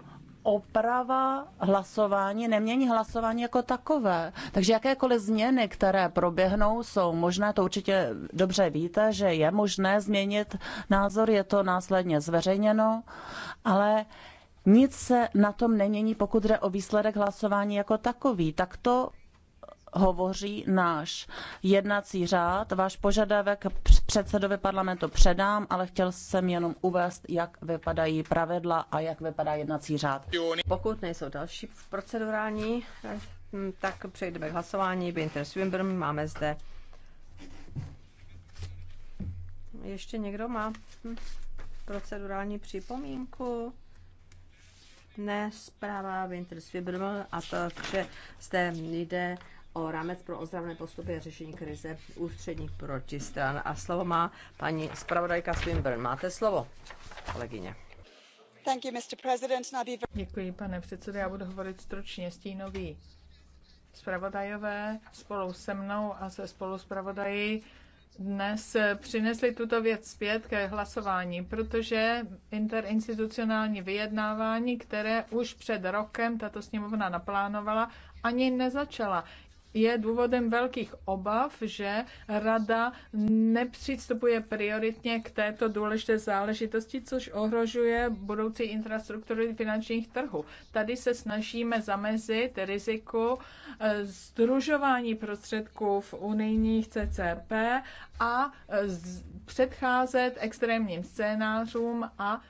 oprava hlasování nemění hlasování jako takové. Takže jakékoliv změny, které proběhnou, jsou možné, to určitě dobře víte, že je možné změnit názor, je to následně zveřejněno, ale nic se na tom nemění, pokud jde o výsledek hlasování jako takový. Tak to hovoří náš jednací řád. Váš požadavek předsedovi parlamentu předám, ale chtěl jsem jenom uvést, jak vypadají pravidla a jak vypadá jednací řád. Pokud nejsou další procedurální, eh, tak přejdeme k hlasování. Binter Swinburne máme zde. Ještě někdo má procedurální připomínku? Ne, zpráva Winter Swinburne a to, že zde jde o rámec pro ozdravné postupy a řešení krize ústředních protistran. A slovo má paní zpravodajka Swinburne. Máte slovo, kolegyně. You, be... Děkuji, pane předsedo. Já budu hovorit stručně. Stínový zpravodajové spolu se mnou a se spolu zpravodají dnes přinesli tuto věc zpět ke hlasování, protože interinstitucionální vyjednávání, které už před rokem tato sněmovna naplánovala, ani nezačala je důvodem velkých obav, že rada nepřistupuje prioritně k této důležité záležitosti, což ohrožuje budoucí infrastruktury finančních trhů. Tady se snažíme zamezit riziku eh, združování prostředků v unijních CCP a eh, předcházet extrémním scénářům a